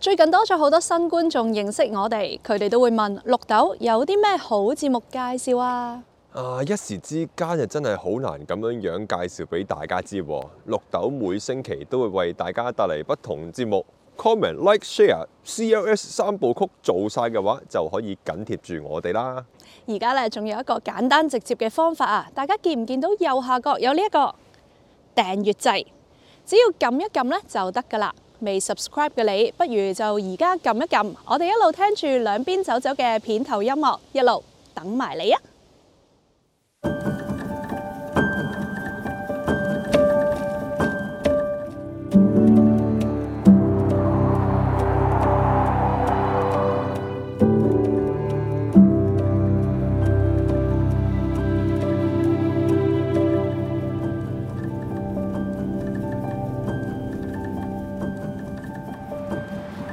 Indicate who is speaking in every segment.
Speaker 1: 最近多咗好多新觀眾認識我哋，佢哋都會問綠豆有啲咩好節目介紹啊？
Speaker 2: 啊，一時之間就真係好難咁樣樣介紹俾大家知。綠豆每星期都會為大家帶嚟不同節目，comment like share C L S 三部曲做晒嘅話就可以緊貼住我哋啦。
Speaker 1: 而家咧仲有一個簡單直接嘅方法啊！大家見唔見到右下角有呢一個訂閱掣？只要撳一撳咧就得噶啦。未 subscribe 嘅你，不如就而家撳一撳。我哋一路聽住兩邊走走嘅片頭音樂，一路等埋你啊！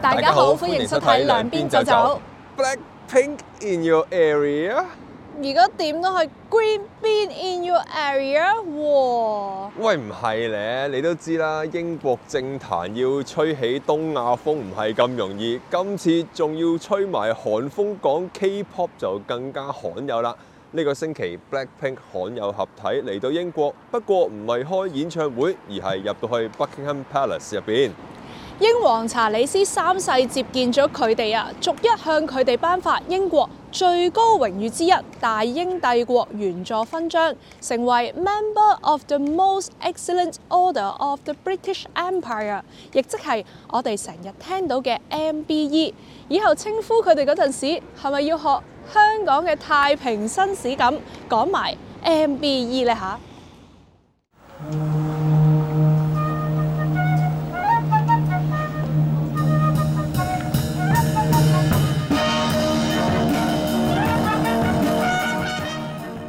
Speaker 1: 大家好，歡迎收睇兩邊走走。
Speaker 2: Blackpink in your area？
Speaker 1: 而家點都係 Green Bean in your area
Speaker 3: 喎？
Speaker 2: 喂，唔係咧，你都知啦，英國政壇要吹起東亞風唔係咁容易，今次仲要吹埋韓風講 K-pop 就更加罕有啦。呢個星期 Blackpink 罕有合體嚟到英國，不過唔係開演唱會，而係入到去 Buckingham Palace 入邊。
Speaker 1: 英皇查理斯三世接見咗佢哋啊，逐一向佢哋頒發英國最高榮譽之一——大英帝國員佐勳章，成為 Member of the Most Excellent Order of the British Empire，亦即係我哋成日聽到嘅 MBE。以後稱呼佢哋嗰陣時，係咪要學香港嘅太平紳士咁講埋 MBE 咧？吓？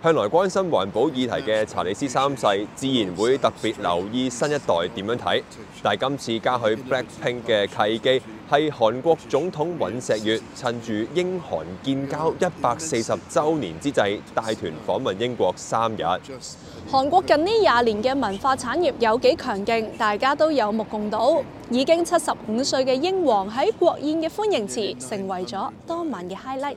Speaker 4: 向
Speaker 2: 來關心環保議題嘅查理斯三世，自然會特別留意新一代點樣睇。但係今次嘉許 Blackpink 嘅契機，係韓國總統尹錫悅趁住英韓建交一百四十周年之際，帶團訪問英國三日。
Speaker 1: 韓國近呢廿年嘅文化產業有幾強勁，大家都有目共睹。已經七十五歲嘅英皇喺國宴嘅歡迎詞，成為咗當晚嘅 highlight。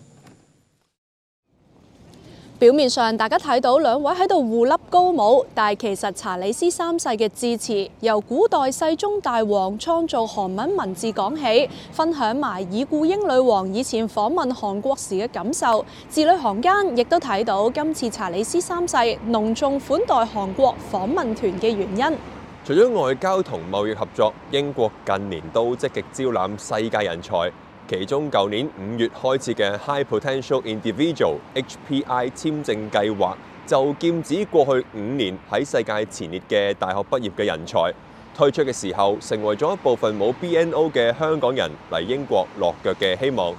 Speaker 1: 表面上大家睇到兩位喺度互笠高帽，但係其實查理斯三世嘅致辭由古代世宗大王創造韓文文字講起，分享埋已故英女王以前訪問韓國時嘅感受。字裏行間亦都睇到今次查理斯三世隆重款待韓國訪問團嘅原因。
Speaker 2: 除咗外交同貿易合作，英國近年都積極招攬世界人才。其中，舊年五月開始嘅 High Potential Individual（HPI） 簽證計劃，就劍指過去五年喺世界前列嘅大學畢業嘅人才。推出嘅時候，成為咗一部分冇 BNO 嘅香港人嚟英國落腳嘅希望。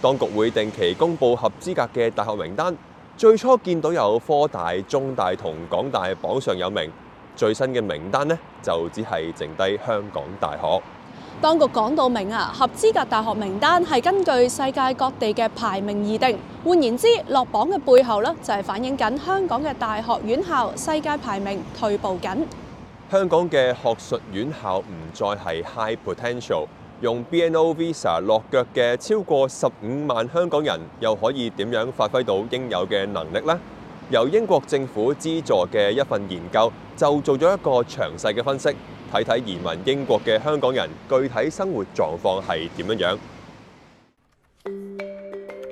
Speaker 2: 當局會定期公布合資格嘅大學名單。最初見到有科大、中大同港大榜上有名，最新嘅名單呢，就只係剩低香港大學。
Speaker 1: 當局講到明啊，合資格大學名單係根據世界各地嘅排名而定。換言之，落榜嘅背後呢，就係反映緊香港嘅大學院校世界排名退步緊。
Speaker 2: 香港嘅學術院校唔再係 high potential，用 BNO visa 落腳嘅超過十五萬香港人，又可以點樣發揮到應有嘅能力呢？由英國政府資助嘅一份研究就做咗一個詳細嘅分析，睇睇移民英國嘅香港人具體生活狀況係點樣樣。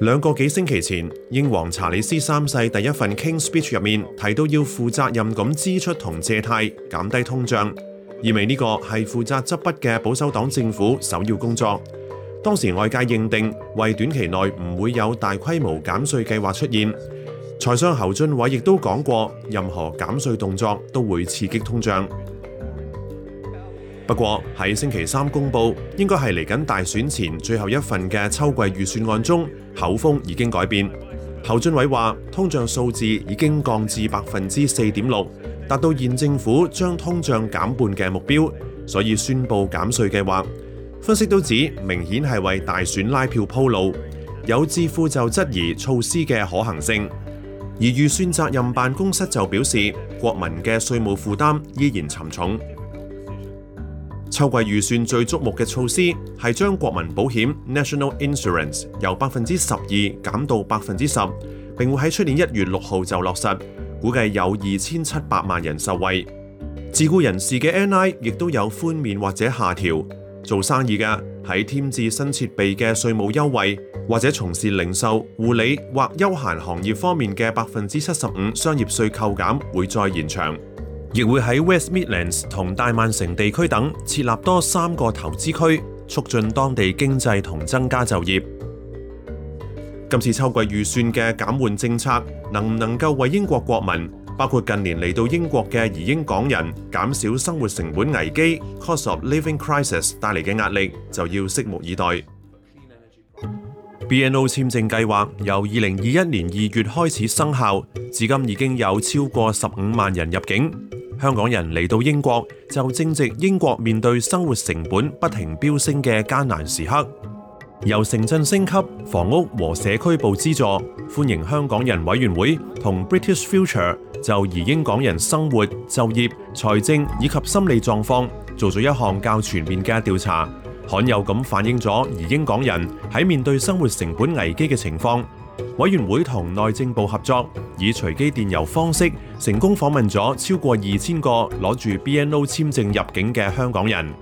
Speaker 5: 兩個幾星期前，英皇查理斯三世第一份 King's Speech 入面提到要負責任咁支出同借貸，減低通脹。意味呢個係負責執筆嘅保守黨政府首要工作。當時外界認定，為短期內唔會有大規模減稅計劃出現。財相侯俊偉亦都講過，任何減稅動作都會刺激通脹。不過喺星期三公布，應該係嚟緊大選前最後一份嘅秋季預算案中，口風已經改變。侯俊偉話：通脹數字已經降至百分之四點六，達到現政府將通脹減半嘅目標，所以宣布減稅計劃。分析都指明顯係為大選拉票鋪路。有致富就質疑措施嘅可行性。而預算責任辦公室就表示，國民嘅稅務負擔依然沉重。秋季預算最矚目嘅措施係將國民保險 （National Insurance） 由百分之十二減到百分之十，並會喺出年一月六號就落實，估計有二千七百萬人受惠。自雇人士嘅 NI 亦都有寬免或者下調。做生意嘅喺添置新設備嘅稅務優惠，或者從事零售、護理或休閒行業方面嘅百分之七十五商業稅扣減會再延長，亦會喺 West Midlands 同大曼城地區等設立多三個投資區，促進當地經濟同增加就業。今次秋季預算嘅減緩政策能唔能夠為英國國民包括近年嚟到英國嘅移英港人減少生活成本危機 （Cost of Living Crisis） 帶嚟嘅壓力，就要拭目以待。BNO 簽證計劃由二零二一年二月開始生效，至今已經有超過十五萬人入境。香港人嚟到英國，就正值英國面對生活成本不停飆升嘅艱難時刻。由城鎮升級房屋和社區部資助，歡迎香港人委員會同 British Future 就移英港人生活、就業、財政以及心理狀況做咗一項較全面嘅調查，罕有咁反映咗移英港人喺面對生活成本危機嘅情況。委員會同內政部合作，以隨機電郵方式成功訪問咗超過二千個攞住 BNO 簽證入境嘅香港人。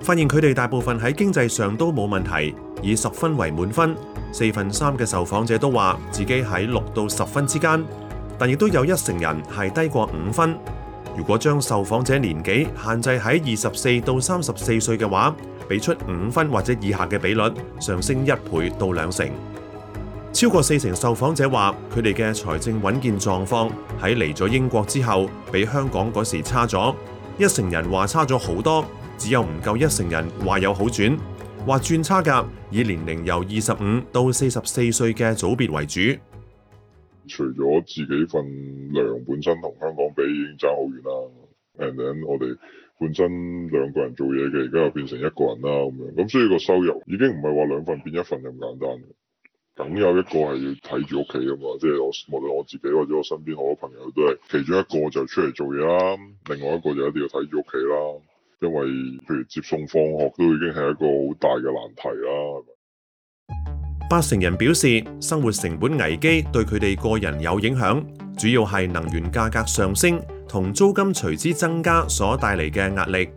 Speaker 5: 發現佢哋大部分喺經濟上都冇問題，以十分為滿分，四分三嘅受訪者都話自己喺六到十分之間，但亦都有一成人係低過五分。如果將受訪者年紀限制喺二十四到三十四歲嘅話，俾出五分或者以下嘅比率上升一倍到兩成。超過四成受訪者話，佢哋嘅財政穩健狀況喺嚟咗英國之後，比香港嗰時差咗，一成人話差咗好多。只有唔夠一成人話有好轉，話轉差價，以年齡由二十五到四十四歲嘅組別為主。
Speaker 6: 除咗自己份糧，本身同香港比已經爭好遠啦。And then, 我哋本身兩個人做嘢嘅，而家又變成一個人啦，咁樣咁，所以個收入已經唔係話兩份變一份咁簡單。梗有一個係要睇住屋企噶嘛，即係我無論我自己或者我身邊好多朋友都係其中一個就出嚟做嘢啦，另外一個就一定要睇住屋企啦。因為譬如接送放學都已經係一個好大嘅難題啦。
Speaker 5: 八成人表示生活成本危機對佢哋個人有影響，主要係能源價格上升同租金隨之增加所帶嚟嘅壓力。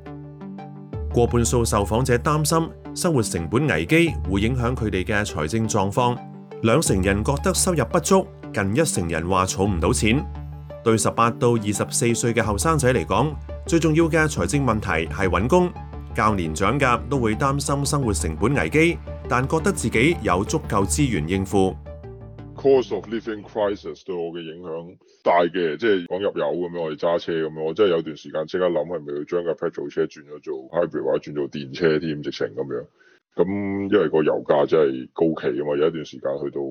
Speaker 5: 過半數受訪者擔心生活成本危機會影響佢哋嘅財政狀況，兩成人覺得收入不足，近一成人話儲唔到錢。對十八到二十四歲嘅後生仔嚟講。最重要嘅財政問題係揾工，較年長嘅都會擔心生活成本危機，但覺得自己有足夠資源應付。
Speaker 6: Cost of living crisis 對我嘅影響大嘅，即係講入油咁樣，我哋揸車咁樣，我真係有段時間即刻諗係咪要將架 petrol 車轉咗做 hybrid 或者轉做電車添，直情咁樣。咁因為個油價真係高企啊嘛，有一段時間去到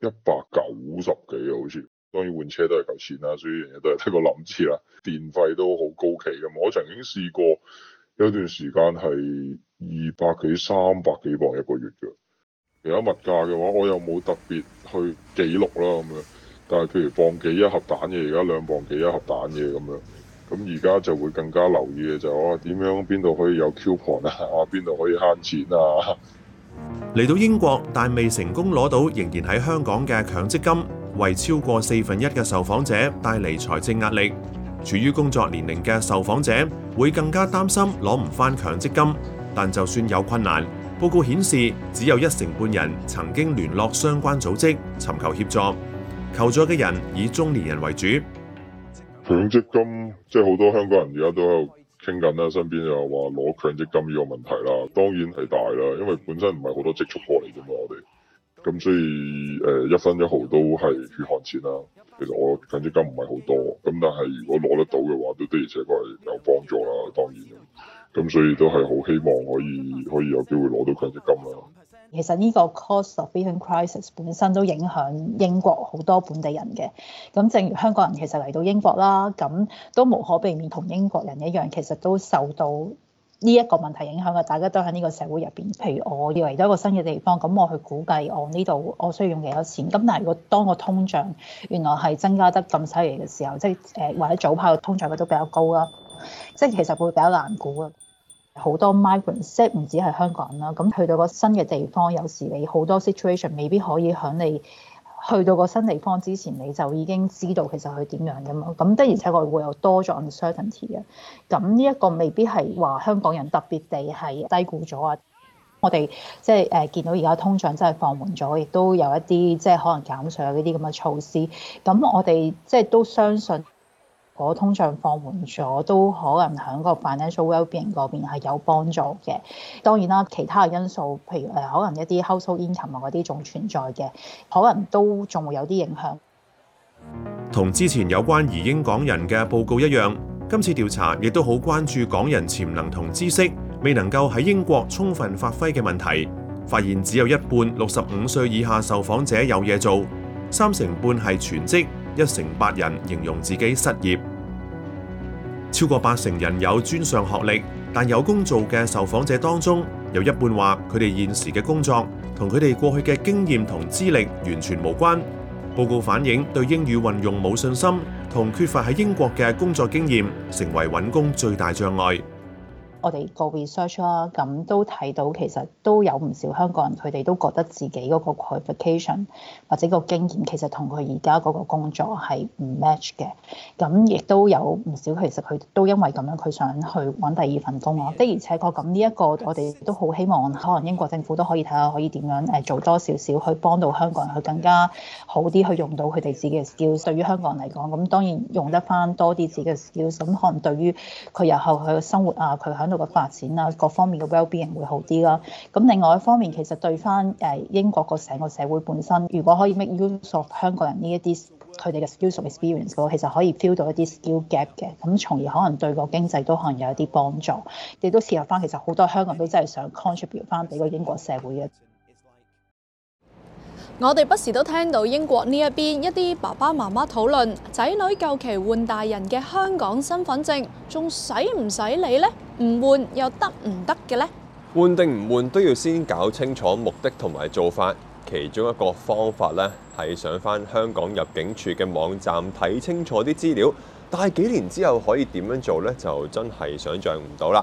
Speaker 6: 一百九十幾好似。當然換車都係夠錢啦，所以人人都係得個諗次啦。電費都好高企噶，我曾經試過有段時間係二百幾、三百幾磅一個月嘅。而家物價嘅話，我又冇特別去記錄啦咁樣。但係譬如磅幾一盒蛋嘢，而家兩磅幾一盒蛋嘢咁樣。咁而家就會更加留意嘅就，哇！點樣邊度可以有 coupon 啊？啊，邊度可以慳錢啊？
Speaker 5: 嚟到英國，但未成功攞到，仍然喺香港嘅強積金。為超過四分一嘅受訪者帶嚟財政壓力，處於工作年齡嘅受訪者會更加擔心攞唔返強積金。但就算有困難，報告顯示只有一成半人曾經聯絡相關組織尋求協助。求助嘅人以中年人為主。
Speaker 6: 強積金即係好多香港人而家都喺度傾緊啦，身邊又話攞強積金呢個問題啦，當然係大啦，因為本身唔係好多積蓄過嚟嘅嘛，我哋。咁所以誒一分一毫都係血汗錢啦。其實我強積金唔係好多，咁但係如果攞得到嘅話，都的而且確係有幫助啦。當然，咁所以都係好希望可以可以有機會攞到強積金啦。
Speaker 3: 其實呢個 cost of living crisis 本身都影響英國好多本地人嘅。咁正如香港人其實嚟到英國啦，咁都無可避免同英國人一樣，其實都受到。呢一個問題影響嘅，大家都喺呢個社會入邊。譬如我嚟到一個新嘅地方，咁我去估計我呢度我需要用幾多錢。咁但係如果當個通脹原來係增加得咁犀利嘅時候，即係誒或者早排個通脹率都比較高啦，即係其實會比較難估啊。好多 migrant 唔止係香港人啦，咁去到個新嘅地方，有時你好多 situation 未必可以響你。去到個新地方之前，你就已經知道其實佢點樣㗎嘛。咁的而且確會有多咗 uncertainty 嘅。咁呢一個未必係話香港人特別地係低估咗啊。我哋即係誒見到而家通脹真係放緩咗，亦都有一啲即係可能減稅呢啲咁嘅措施。咁我哋即係都相信。嗰個通脹放緩咗，都可能喺個 financial wellbeing 嗰邊係有幫助嘅。當然啦，其他嘅因素，譬如誒，可能一啲 household income 嗰啲仲存在嘅，可能都仲會有啲影響。
Speaker 5: 同之前有關移英港人嘅報告一樣，今次調查亦都好關注港人潛能同知識未能夠喺英國充分發揮嘅問題。發現只有一半六十五歲以下受訪者有嘢做，三成半係全職，一成八人形容自己失業。超過八成人有專上學歷，但有工做嘅受訪者當中有一半話佢哋現時嘅工作同佢哋過去嘅經驗同資歷完全無關。報告反映對英語運用冇信心，同缺乏喺英國嘅工作經驗，成為揾工最大障礙。
Speaker 3: 我哋個 research 啦，咁都睇到其實都有唔少香港人，佢哋都覺得自己嗰個 qualification 或者個經驗，其實同佢而家嗰個工作係唔 match 嘅。咁亦都有唔少，其實佢都因為咁樣，佢想去揾第二份工咯啊。的而且確，咁呢一個我哋都好希望，可能英國政府都可以睇下，可以點樣誒做多少少去幫到香港人去更加好啲去用到佢哋自己嘅 skills。對於香港人嚟講，咁當然用得翻多啲自己嘅 skills，咁可能對於佢日後佢嘅生活啊，佢喺個發展啊，各方面嘅 well-being 會好啲啦，啊。咁另外一方面，其實對翻誒英國個成個社會本身，如果可以 make use of 香港人呢一啲佢哋嘅 social experience 嘅，其實可以 feel 到一啲 skill gap 嘅，咁從而可能對個經濟都可能有一啲幫助。亦都切入翻，其實好多香港人都真係想 contribute 翻俾個英國社會嘅。
Speaker 1: 我哋不時都聽到英國呢一邊一啲爸爸媽媽討論仔女夠期換大人嘅香港身份證，仲使唔使理呢？唔換又得唔得嘅呢？
Speaker 2: 換定唔換都要先搞清楚目的同埋做法。其中一個方法呢，係上返香港入境處嘅網站睇清楚啲資料，但係幾年之後可以點樣做呢？就真係想象唔到啦。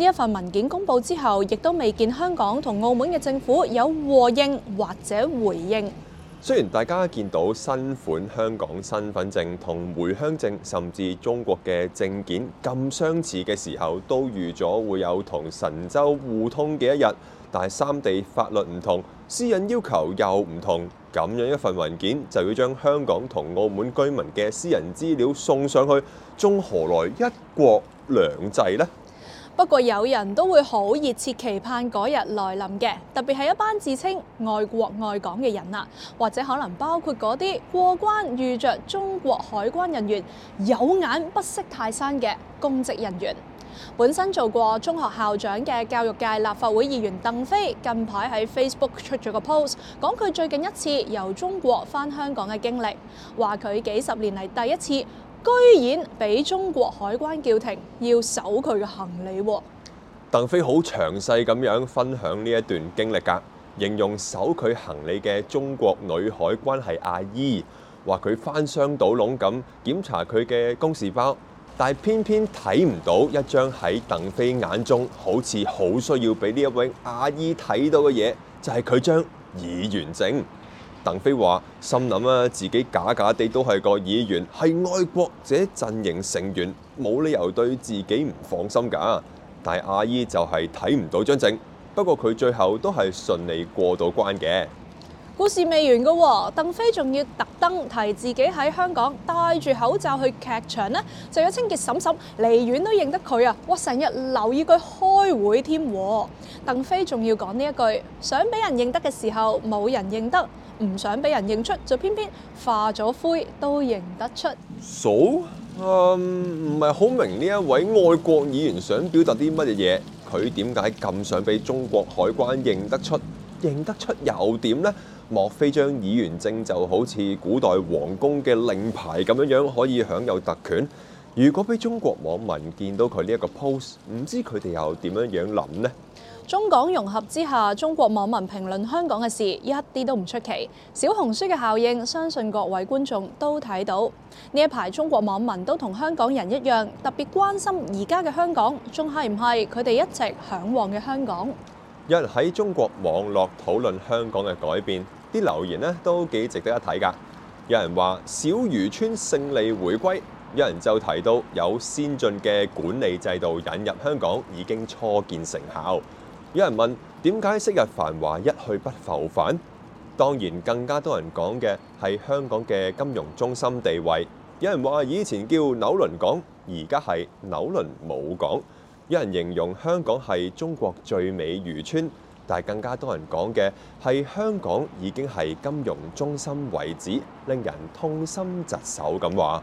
Speaker 1: 呢一份文件公布之後，亦都未見香港同澳門嘅政府有和應或者回應。
Speaker 2: 雖然大家見到新款香港身份證同回鄉證，甚至中國嘅證件咁相似嘅時候，都預咗會有同神州互通嘅一日。但係三地法律唔同，私隱要求又唔同，咁樣一份文件就要將香港同澳門居民嘅私人資料送上去，中何來一國兩制呢？
Speaker 1: 不過有人都會好熱切期盼嗰日來臨嘅，特別係一班自稱愛國愛港嘅人啊，或者可能包括嗰啲過關遇着中國海關人員有眼不識泰山嘅公職人員。本身做過中學校長嘅教育界立法會議員鄧飛，近排喺 Facebook 出咗個 post，講佢最近一次由中國返香港嘅經歷，話佢幾十年嚟第一次。居然俾中國海關叫停，要搜佢嘅行李，啊。
Speaker 2: 鄧飛好詳細咁樣分享呢一段經歷，噶形容搜佢行李嘅中國女海關係阿姨，話佢翻箱倒籠咁檢查佢嘅公事包，但係偏偏睇唔到一張喺鄧飛眼中好似好需要俾呢一位阿姨睇到嘅嘢，就係佢張議員證。鄧飛話：心諗啊，自己假假地都係個議員，係愛國者陣營成員，冇理由對自己唔放心噶。但係阿姨就係睇唔到張證，不過佢最後都係順利過到關嘅。
Speaker 1: 故事未完噶，鄧飛仲要特登提自己喺香港戴住口罩去劇場呢，就有清潔嬸嬸離遠都認得佢啊。我成日留意佢開會添。鄧飛仲要講呢一句：想俾人認得嘅時候，冇人認得。唔想俾人認出，就偏偏化咗灰都認得出。
Speaker 2: 數，誒唔係好明呢一位外國議員想表達啲乜嘢？佢點解咁想俾中國海關認得出？認得出又點咧？莫非張議員證就好似古代皇宮嘅令牌咁樣樣，可以享有特權？如果俾中國網民見到佢呢一個 post，唔知佢哋又點樣樣諗咧？
Speaker 1: 中港融合之下，中國網民評論香港嘅事一啲都唔出奇。小紅書嘅效應，相信各位觀眾都睇到呢一排。中國網民都同香港人一樣，特別關心而家嘅香港，仲係唔係佢哋一直嚮往嘅香港？
Speaker 2: 有人喺中國網絡討論香港嘅改變，啲留言咧都幾值得一睇㗎。有人話小漁村勝利回歸，有人就提到有先進嘅管理制度引入香港，已經初見成效。有人問點解昔日繁華一去不復返？當然更加多人講嘅係香港嘅金融中心地位。有人話以前叫紐倫港，而家係紐倫冇港。有人形容香港係中國最美漁村，但係更加多人講嘅係香港已經係金融中心為止，令人痛心疾首咁話。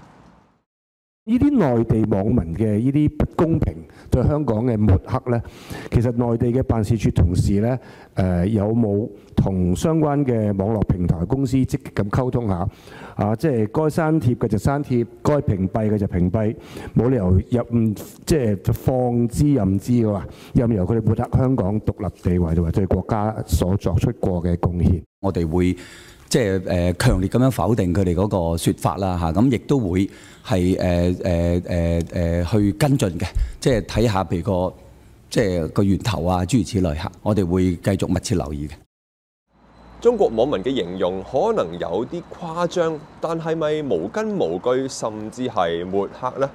Speaker 5: 呢啲內地網民嘅呢啲不公平對香港嘅抹黑呢，其實內地嘅辦事處同事呢，誒、呃、有冇同相關嘅網絡平台公司積極咁溝通下？啊，即係該刪帖嘅就刪帖，該屏蔽嘅就屏蔽，冇理由唔，即係就放之任之嘅話，任由佢哋抹黑香港獨立地位，或者國家
Speaker 2: 所作出過嘅貢獻，我哋會。即係誒強烈咁樣否定佢哋嗰個説法啦嚇，咁、啊、亦都會係誒誒誒誒去跟進嘅，即係睇下譬如個即係個源頭啊，諸如此類嚇，我哋會繼續密切留意嘅。中國網民嘅形容可能有啲誇張，但係咪無根無據，甚至係抹黑呢？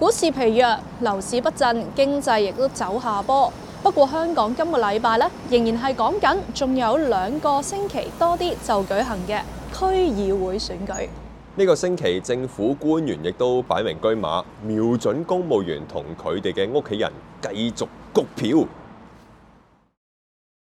Speaker 1: 股市疲弱，樓市不振，經濟亦都走下坡。不過香港今個禮拜咧，仍然係講緊，仲有兩個星期多啲就舉行嘅區議會選舉。
Speaker 2: 呢個星期政府官員亦都擺明車馬，瞄準公務員同佢哋嘅屋企人繼續谷票。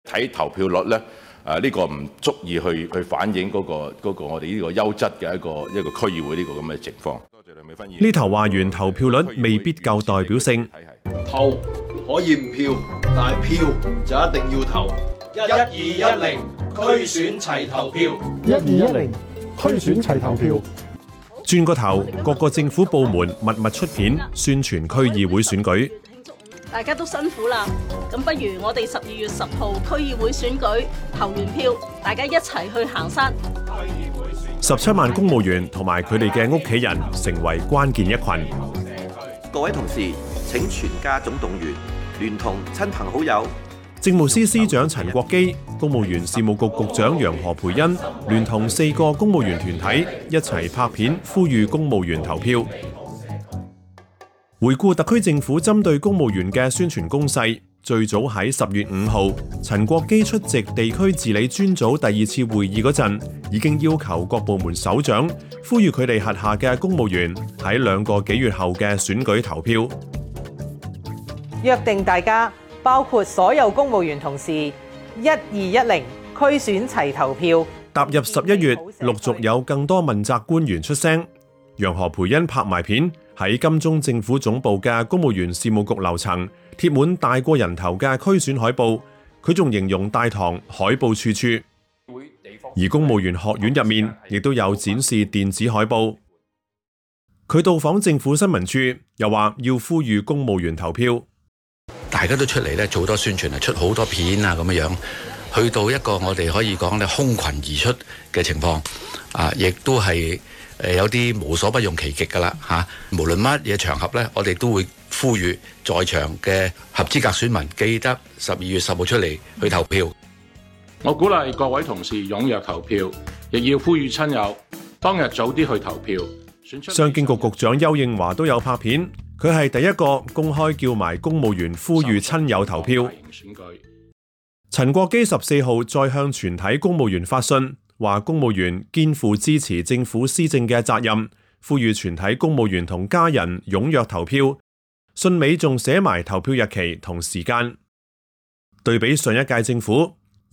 Speaker 2: 睇
Speaker 5: 投票率咧，誒呢個唔足以去去反映嗰個嗰個我哋呢個優質嘅一個一個區議會呢個咁嘅情況。多謝梁美芬議員。呢頭話完投票率未必夠代表性。可以唔票，但係票就一定要投。一、二、一、零，區選齊投票。一、二、一、零，區選齊投票。轉個頭，各個政府部門密密出片宣傳區議會選舉。
Speaker 1: 大家都辛苦啦，咁不如我哋十二月十號區議會
Speaker 3: 選舉投完票，大家一齊去行山。
Speaker 5: 十七萬公務員同埋佢哋嘅屋企人成為關鍵一群。各位同事，請全家總動員。聯同親朋好友，政務司司長陳國基、公務員事務局局長楊何蓓茵，聯同四個公務員團體一齊拍片，呼籲公務員投票。回顧特區政府針對公務員嘅宣傳攻勢，最早喺十月五號，陳國基出席地區治理專組第二次會議嗰陣，已經要求各部門首長呼籲佢哋轄下嘅公務員喺兩個幾月後嘅選舉投票。
Speaker 3: 約定大家，包括所有公務員同事，一二一零區選齊投票。
Speaker 5: 踏入十一月，陸續有更多問責官員出聲。楊何蓓茵拍埋片，喺金鐘政府總部嘅公務員事務局樓層貼滿大過人頭嘅區選海報，佢仲形容大堂海報處處。而公務員學院入面亦都有展示電子海報。佢到訪政府新聞處，又話要呼籲公務員投票。大家都出嚟咧，做多宣傳，啊，出好多片啊，咁樣樣去到一個我哋可以講，你空群而出嘅情況啊，亦都係誒有啲無所不用其極噶啦吓，無論乜嘢場合咧，我哋都會呼籲在場嘅合資格選民記得十二月十號出嚟去投票。我鼓勵各位同事踴躍投票，亦要呼籲親友當日早啲去投票。選投票商經局局長邱應華都有拍片。佢係第一個公開叫埋公務員呼籲親友投票。陳國基十四號再向全體公務員發信，話公務員肩負支持政府施政嘅責任，呼籲全體公務員同家人踴躍投票。信尾仲寫埋投票日期同時間。對比上一屆政府，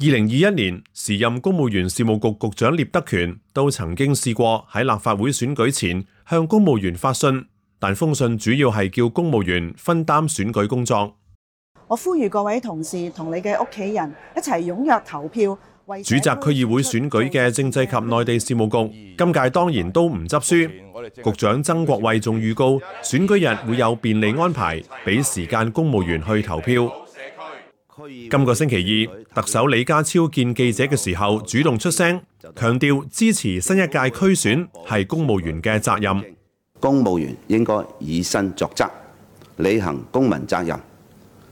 Speaker 5: 二零二一年時任公務員事務局局局長聶德權都曾經試過喺立法會選舉前向公務員發信。但封信主要係叫公務員分擔選舉工作。
Speaker 1: 我呼籲各位同事同你嘅屋企人一齊踴躍投票。
Speaker 5: 主責區議會選舉嘅政制及內地事務局今屆當然都唔執輸。局長曾國衛仲預告選舉日會有便利安排，俾時間公務員去投票。今個星期二，特首李家超見記者嘅時候主動出聲，強調支持新一屆區選係公務員嘅責任。公務員應該以身作則，履行公民責任，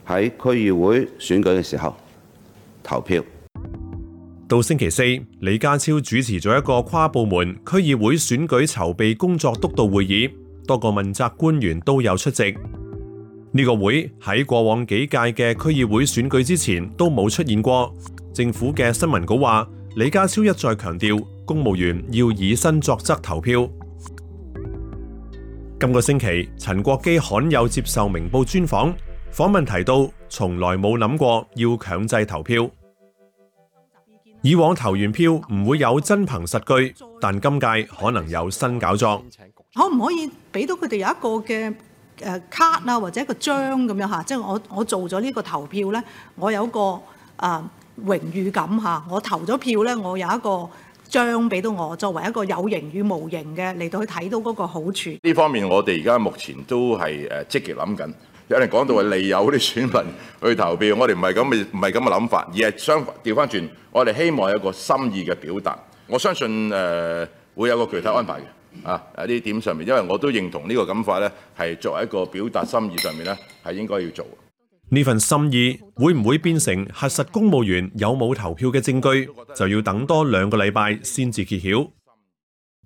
Speaker 5: 喺區議會選舉嘅時候投票。到星期四，李家超主持咗一個跨部門區議會選舉籌備工作督導會議，多個問責官員都有出席。呢個會喺過往幾屆嘅區議會選舉之前都冇出現過。政府嘅新聞稿話，李家超一再強調，公務員要以身作則投票。今個星期，陳國基罕有接受明報專訪，訪問提到從來冇諗過要強制投票。以往投完票唔會有真憑實據，但今屆可能有新搞作。
Speaker 1: 可唔可以俾到佢哋有一個嘅誒卡啊，或者一個章咁樣吓？即係我我做咗呢個投票呢，我有一個誒榮譽感吓，我投咗票呢，我有一個。將俾到我作為一個有形與無形嘅嚟到去睇到嗰個好處。
Speaker 5: 呢方面，我哋而家目前都係誒積極諗緊。有人講到係利誘啲選民去投票，我哋唔係咁，唔係咁嘅諗法，而係相調翻轉。我哋希望有一個心意嘅表達。我相信誒、呃、會有個具體安排嘅啊，喺呢點上面，因為我都認同呢個感法咧，係作為一個表達心意上面咧，係應該要做。呢份心意會唔會變成核實公務員有冇投票嘅證據，就要等多兩個禮拜先至揭曉。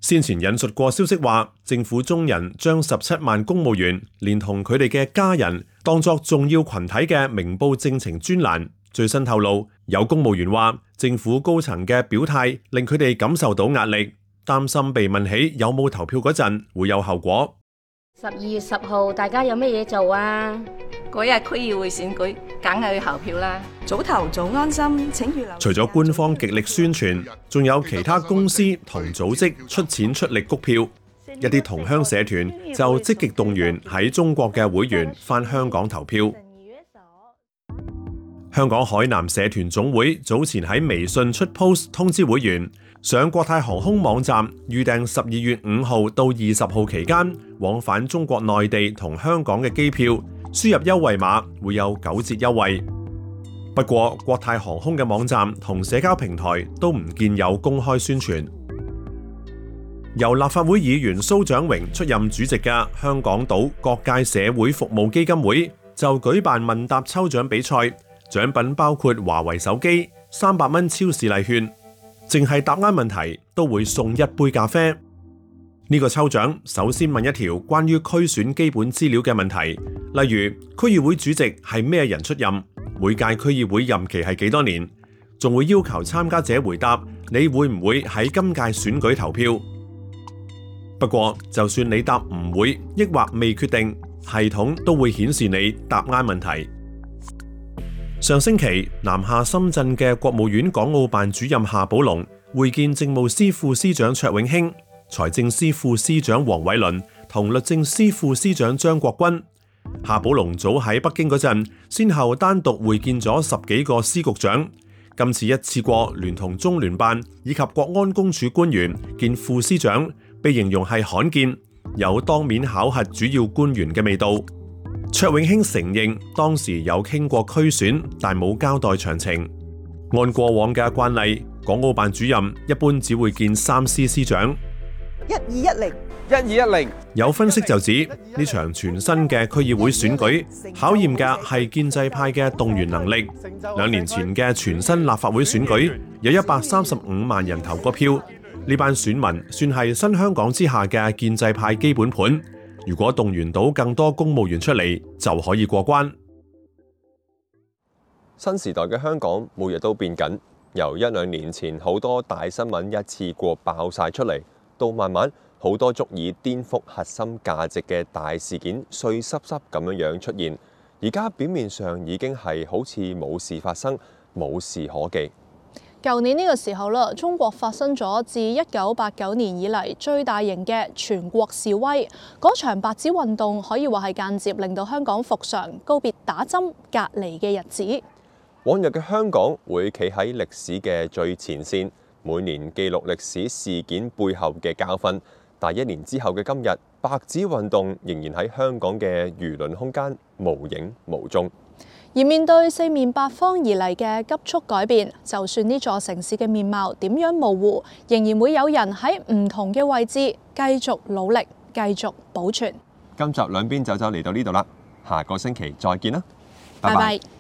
Speaker 5: 先前引述過消息話，政府中人將十七萬公務員連同佢哋嘅家人當作重要群體嘅明報政情專欄，最新透露有公務員話，政府高層嘅表態令佢哋感受到壓力，擔心被問起有冇投票嗰陣會有後果。
Speaker 3: 十二月十號，大家有乜嘢做啊？嗰日區議會選舉梗係去投票啦，早投早安心，請預
Speaker 5: 留。除咗官方極力宣傳，仲有其他公司同組織出錢出力谷票，一啲同鄉社團就積極動員喺中國嘅會員返香港投票。香港海南社團總會早前喺微信出 post 通知會員上國泰航空網站預訂十二月五號到二十號期間往返中國內地同香港嘅機票。輸入優惠碼會有九折優惠，不過國泰航空嘅網站同社交平台都唔見有公開宣傳。由立法會議員蘇長榮出任主席嘅香港島各界社會服務基金會就舉辦問答抽獎比賽，獎品包括華為手機、三百蚊超市禮券，淨係答啱問題都會送一杯咖啡。呢個抽獎首先問一條關於區選基本資料嘅問題，例如區議會主席係咩人出任，每屆區議會任期係幾多年，仲會要求參加者回答你會唔會喺今屆選舉投票。不過就算你答唔會，抑或未決定，系統都會顯示你答啱問題。上星期南下深圳嘅國務院港澳辦主任夏寶龍會見政務司副司長卓永興。財政司副司長黃偉綸同律政司副司長張國鈞。夏寶龍早喺北京嗰陣，先後單獨會見咗十幾個司局長。今次一次過，聯同中聯辦以及國安公署官員見副司長，被形容係罕見，有當面考核主要官員嘅味道。卓永興承認當時有傾過區選，但冇交代詳情。按過往嘅慣例，港澳辦主任一般只會見三司司長。一二一零，一二一零。有分析就指呢場全新嘅區議會選舉考驗嘅係建制派嘅動員能力。兩年前嘅全新立法會選舉有一百三十五萬人投過票，呢班選民算係新香港之下嘅建制派基本盤。如果動員到更多公務員出嚟，就可以過關。
Speaker 2: 新時代嘅香港每日都變緊，由一兩年前好多大新聞一次過爆晒出嚟。到慢慢好多足以顛覆核心價值嘅大事件，碎濕濕咁樣樣出現。而家表面上已經係好似冇事發生，冇事可記。
Speaker 1: 舊年呢個時候啦，中國發生咗自一九八九年以嚟最大型嘅全國示威。嗰場白紙運動可以話係間接令到香港復常，告別打針隔離嘅日子。
Speaker 2: 往日嘅香港會企喺歷史嘅最前線。每年記錄歷史事件背後嘅教訓，但一年之後嘅今日，白紙運動仍然喺香港嘅輿論空間無影無蹤。
Speaker 1: 而面對四面八方而嚟嘅急速改變，就算呢座城市嘅面貌點樣模糊，仍然會有人喺唔同嘅位置繼續努力，繼續保存。
Speaker 2: 今集兩邊走走嚟到呢度啦，下個星期再見啦，拜拜。